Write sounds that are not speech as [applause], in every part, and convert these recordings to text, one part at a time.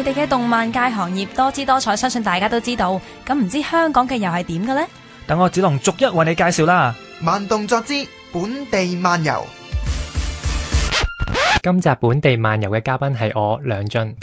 佢哋嘅動漫界行業多姿多彩，相信大家都知道。咁唔知香港嘅又係點嘅呢？等我子龍逐一為你介紹啦！慢動作之本地漫遊。今集本地漫遊嘅嘉賓係我梁進。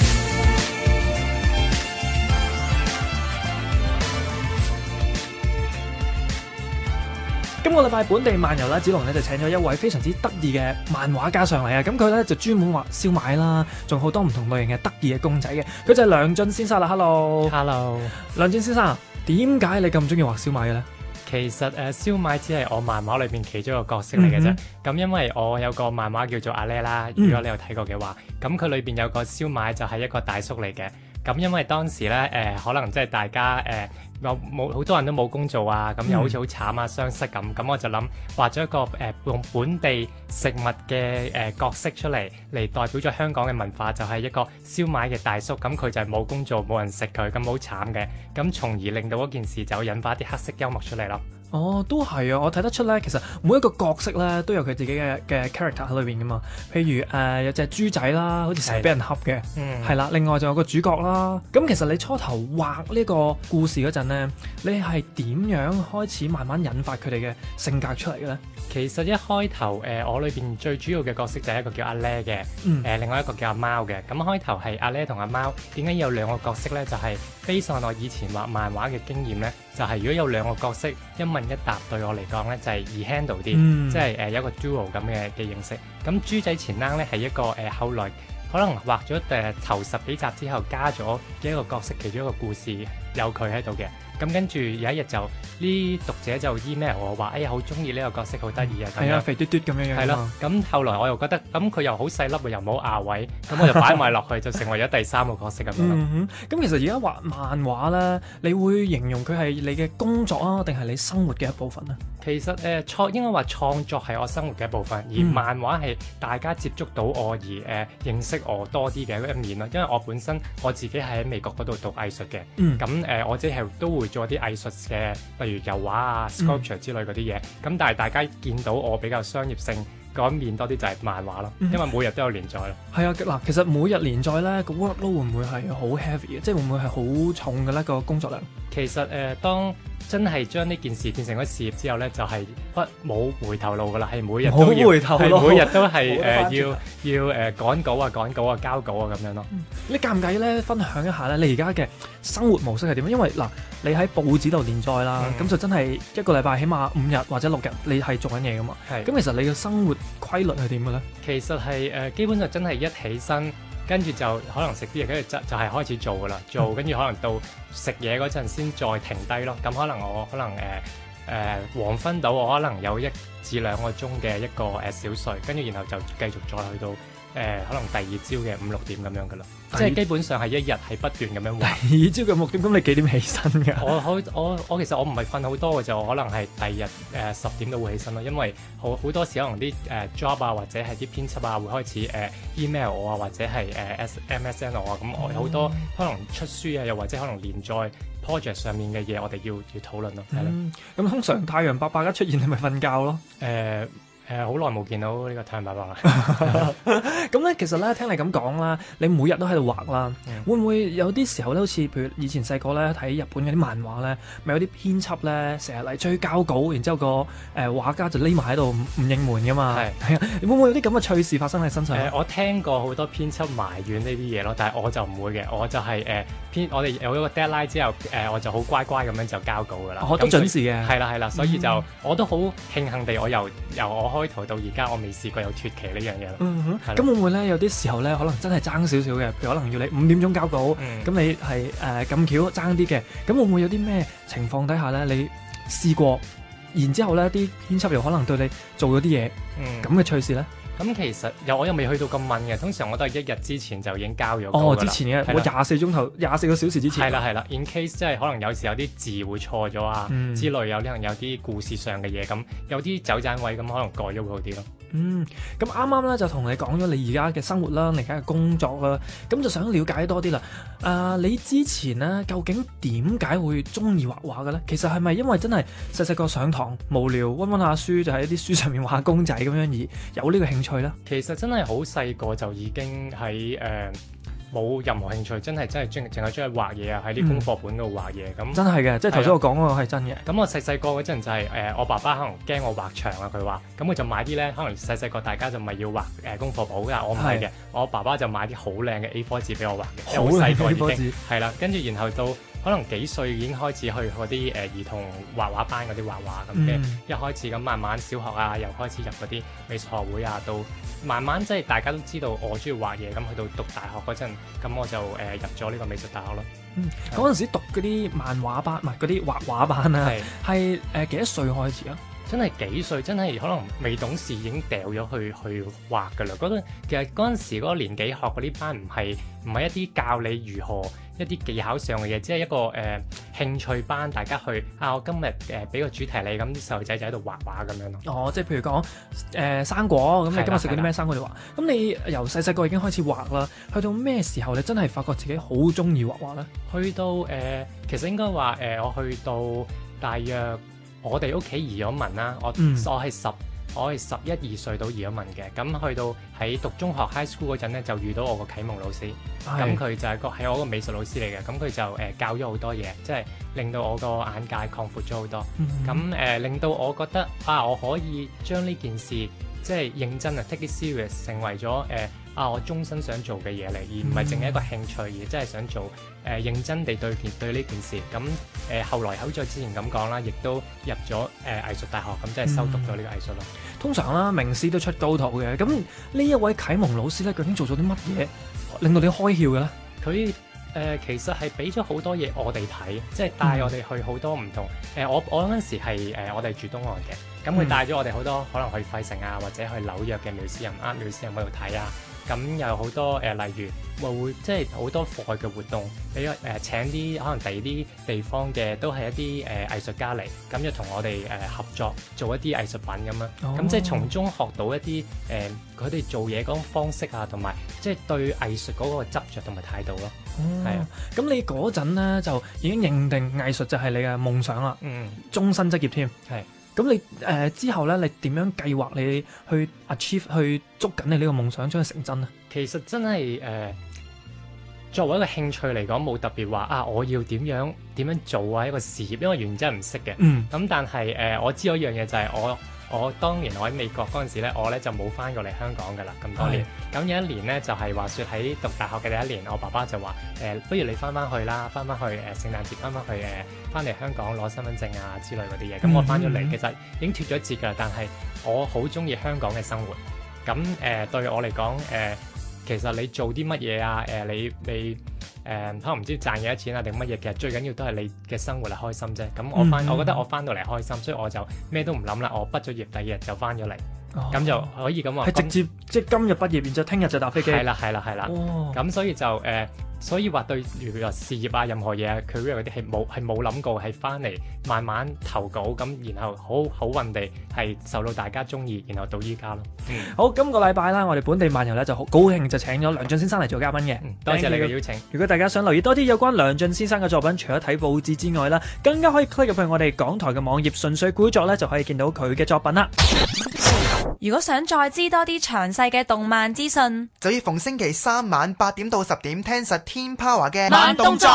今個禮拜本地漫遊啦，子龍咧就請咗一位非常之得意嘅漫畫家上嚟啊！咁佢咧就專門畫燒賣啦，仲好多唔同類型嘅得意嘅公仔嘅，佢就係梁進先生啦。Hello，Hello，Hello 梁進先生，點解你咁中意畫燒賣嘅咧？其實誒，燒、呃、賣只係我漫畫裏邊其中一個角色嚟嘅啫。咁、嗯、哼因為我有個漫畫叫做阿叻啦，如果你有睇過嘅話，咁佢、嗯、裏邊有個燒賣就係一個大叔嚟嘅。咁因為當時咧，誒、呃、可能即係大家誒有冇好多人都冇工做啊，咁又好似好慘啊，傷失咁、啊。咁我就諗畫咗一個誒、呃、用本地食物嘅誒、呃、角色出嚟，嚟代表咗香港嘅文化，就係、是、一個燒賣嘅大叔，咁佢就係冇工做，冇人食佢，咁好慘嘅，咁從而令到嗰件事就引發啲黑色幽默出嚟咯。哦，都係啊！我睇得出咧，其實每一個角色咧都有佢自己嘅嘅 character 喺裏邊噶嘛。譬如誒、呃、有隻豬仔啦，好似成日俾人恰嘅，了嗯，係啦。另外仲有個主角啦。咁其實你初頭畫呢個故事陣咧，你係點樣開始慢慢引發佢哋嘅性格出嚟嘅咧？其實一開頭誒、呃、我裏邊最主要嘅角色就係一個叫阿孃嘅，誒、嗯呃、另外一個叫阿貓嘅。咁開頭係阿孃同阿貓，點解有兩個角色咧？就係非常 s 我以前畫漫畫嘅經驗咧，就係、是、如果有兩個角色，因為問一答對我嚟講，咧，就係、是、易 handle 啲，hand 嗯、即係誒、呃、有一個 dual 咁嘅嘅形式。咁豬仔前鈎咧係一個誒，後、呃、來可能畫咗誒，頭十幾集之後加咗嘅一個角色，其中一個故事有佢喺度嘅。咁跟住有一日就呢讀者就 email 我話：哎呀，好中意呢個角色，好得意啊！係啊，肥嘟嘟咁樣樣。係咯、嗯。咁後來我又覺得，咁佢又好細粒又冇牙位，咁我就擺埋落去，就成為咗第三個角色啊！咁樣。咁其實而家畫漫畫咧，你會形容佢係你嘅工作啊，定係你生活嘅一部分啊？其實誒創、呃、應該話創作係我生活嘅一部分，而漫畫係大家接觸到我而誒認識我多啲嘅一面啦。因為我本身我自己係喺美國嗰度讀藝術嘅，咁、呃、誒我即係都會。做一啲藝術嘅，例如油畫啊、sculpture 之類嗰啲嘢，咁、嗯、但係大家見到我比較商業性嗰一面多啲，就係漫畫咯，嗯、因為每日都有連載咯。係啊，嗱，其實每日連載咧，個 workload 會唔會係好 heavy 嘅？即係會唔會係好重嘅咧？個工作量？其實誒，當真係將呢件事變成咗事業之後咧，就係不冇回頭路噶啦，係每日都要，係每日都係誒要要誒趕稿啊、趕稿啊、交稿啊咁樣咯。你介唔介意咧分享一下咧？你而家嘅生活模式係點樣？因為嗱，你喺報紙度連載啦，咁就真係一個禮拜起碼五日或者六日，你係做緊嘢噶嘛？係。咁其實你嘅生活規律係點嘅咧？其實係誒，基本就真係一起身。跟住就可能食啲嘢，跟住就就係開始做噶啦，做跟住可能到食嘢嗰陣先再停低咯。咁可能我可能誒誒、呃呃、黃昏到我可能有一至兩個鐘嘅一個誒小睡，跟住然後就繼續再去到。誒、呃、可能第二朝嘅五六點咁樣嘅啦，即係基本上係一日係不斷咁樣。第二朝嘅六點，咁你幾點起身㗎？我我我其實我唔係瞓好多嘅，就可能係第二日誒十點都會起身咯，因為好好多時可能啲誒 job 啊或者係啲編輯啊會開始誒、呃、email 我啊或者係誒 sms、呃、我啊，咁我好多、嗯、可能出書啊又或者可能連載 project 上面嘅嘢，我哋要要討論咯、啊。嗯，咁呢通常太陽伯伯一出現，你咪瞓覺咯。誒、呃。誒，好耐冇見到呢個太陽爸爸啦。咁咧，其實咧，聽你咁講啦，你每日都喺度畫啦，會唔會有啲時候咧，好似譬如以前細個咧睇日本嗰啲漫畫咧，咪有啲編輯咧成日嚟追交稿，然之後個誒畫家就匿埋喺度唔應門噶嘛。係啊，會唔會有啲咁嘅趣事發生喺身上？誒，我聽過好多編輯埋怨呢啲嘢咯，但係我就唔會嘅，我就係誒編，我哋有一個 deadline 之後，誒我就好乖乖咁樣就交稿噶啦。我都準時嘅。係啦係啦，所以就我都好慶幸地，我又由我。開頭到而家，我未試過有脱期呢樣嘢啦。嗯哼，咁的會唔會咧？有啲時候咧，可能真係爭少少嘅，譬如可能要你五點鐘交稿，咁、嗯、你係誒咁巧爭啲嘅。咁會唔會有啲咩情況底下咧？你試過，然之後咧，啲編輯又可能對你做咗啲嘢，咁嘅、嗯、趣事咧？咁其實又我又未去到咁問嘅，通常我都係一日之前就已經交咗。哦，之前嘅了我廿四鐘頭、廿四個小時之前。係啦係啦，in case 即係可能有時有啲字會錯咗啊、嗯、之類有，有可能有啲故事上嘅嘢咁，有啲走盞位咁，可能改咗會好啲咯。嗯，咁啱啱咧就同你講咗你而家嘅生活啦，你而家嘅工作啦，咁就想了解多啲啦。啊，你之前呢，究竟點解會中意畫畫嘅呢？其實係咪因為真係細細個上堂無聊，溫溫下書就喺啲書上面畫公仔咁樣而有呢個興趣呢？其實真係好細個就已經喺誒。呃冇任何興趣，真係真係專，淨係專去畫嘢啊！喺啲功課本度畫嘢咁，嗯，真係嘅，即係頭先我講嗰個係真嘅。咁我細細個嗰陣就係、是、誒、呃，我爸爸可能驚我畫牆啊，佢話，咁佢就買啲咧，可能細細個大家就唔係要畫誒、呃、功課簿㗎，我唔係嘅，的我爸爸就買啲好靚嘅 A4 紙俾我畫嘅，好細個已經，係啦，跟住然後到。可能幾歲已經開始去嗰啲誒兒童畫畫班嗰啲畫畫咁嘅，嗯、一開始咁慢慢小學啊，又開始入嗰啲美術學會啊，到慢慢即係大家都知道我中意畫嘢，咁去到讀大學嗰陣，咁我就誒、呃、入咗呢個美術大學咯。嗯，嗰陣時讀嗰啲漫畫班唔係嗰啲畫畫班啊，係係誒幾多歲開始啊？真係幾歲？真係可能未懂事已經掉咗去去畫噶啦。嗰陣其實嗰陣時嗰個年紀學嘅呢班唔係唔係一啲教你如何一啲技巧上嘅嘢，只係一個誒、呃、興趣班，大家去啊！我今日誒俾個主題你咁啲細路仔就喺度畫畫咁樣咯。哦，即係譬如講誒、呃、生果咁，你今日食咗啲咩生果你話。咁你由細細個已經開始畫啦，去到咩時候你真係發覺自己好中意畫畫咧？去到誒、呃，其實應該話誒、呃，我去到大約。我哋屋企移咗民啦，我、嗯、我係十我係十一二歲到移咗民嘅，咁去到喺讀中學 high school 嗰陣咧，就遇到我個啟蒙老師，咁佢、哎、就係個係我個美術老師嚟嘅，咁佢就誒、呃、教咗好多嘢，即係令到我個眼界擴闊咗好多，咁誒、嗯嗯呃、令到我覺得啊，我可以將呢件事即係認真啊 take it serious，成為咗誒。呃啊！我終身想做嘅嘢嚟，而唔係淨係一個興趣，而真係想做誒、呃、認真地對件對呢件事。咁、呃、誒後來好似之前咁講啦，亦都入咗誒、呃、藝術大學，咁即係修讀咗呢個藝術咯。通常啦，名師都出高徒嘅。咁呢一位啟蒙老師咧，究竟做咗啲乜嘢，令到你開竅嘅咧？佢誒、呃呃、其實係俾咗好多嘢我哋睇，即係帶我哋去好多唔同誒、嗯呃。我我嗰陣時係、呃、我哋住東岸嘅，咁、嗯、佢、嗯、帶咗我哋好多可能去費城啊，或者去紐約嘅美術人啊、美術人嗰度睇啊。咁有好多誒、呃，例如會即係好多課外嘅活動，比如誒請啲可能第二啲地方嘅都係一啲誒、呃、藝術家嚟，咁就同我哋誒、呃、合作做一啲藝術品咁樣，咁即係從中學到一啲誒佢哋做嘢嗰種方式啊，同埋即係對藝術嗰個執著同埋態度咯，係啊、哦。咁的、嗯、你嗰陣咧就已經認定藝術就係你嘅夢想啦，嗯，終身職業添，係。咁你誒、呃、之後咧，你點樣計劃你去 achieve 去捉緊你呢個夢想，將佢成真咧？其實真係誒、呃，作為一個興趣嚟講，冇特別話啊，我要點樣點樣做啊？一個事業，因為原則係唔識嘅。嗯。咁、嗯、但係誒、呃，我知有一樣嘢就係我。我當年我喺美國嗰陣時咧，我咧就冇翻過嚟香港噶啦咁多年。咁的有一年咧，就係、是、話説喺讀大學嘅第一年，我爸爸就話：誒、呃，不如你翻翻去啦，翻翻去誒、呃、聖誕節翻翻去誒，翻、呃、嚟香港攞身份證啊之類嗰啲嘢。咁的我翻咗嚟，的其實已經脱咗節噶啦。但係我好鍾意香港嘅生活。咁誒、呃、對我嚟講誒，其實你做啲乜嘢啊？誒、呃、你你。你誒、嗯、可能唔知賺幾多錢啊定乜嘢，其實最緊要都係你嘅生活係開心啫。咁我翻，嗯、我覺得我翻到嚟開心，所以我就咩都唔諗啦。我畢咗業第二日就翻咗嚟，咁、哦、就可以咁話。係直接甘即係今日畢業變咗聽日就搭飛機。係啦係啦係啦。咁哇所以就誒。呃所以話對，如事業啊，任何嘢啊，佢因為啲係冇係冇諗過，係翻嚟慢慢投稿咁，然後好好運地係受到大家中意，然後到依家咯。嗯、好，今個禮拜啦，我哋本地漫遊咧就好高興就請咗梁進先生嚟做嘉賓嘅、嗯。多謝，謝，謝你嘅邀請。如果大家想留意多啲有關梁進先生嘅作品，除咗睇報紙之外啦，更加可以 click 入去我哋港台嘅網頁《純粹古作》咧，就可以見到佢嘅作品啦。 [noise] 如果想再知多啲詳細嘅動漫資訊，就要逢星期三晚八點到十點聽實天 power 嘅慢動作。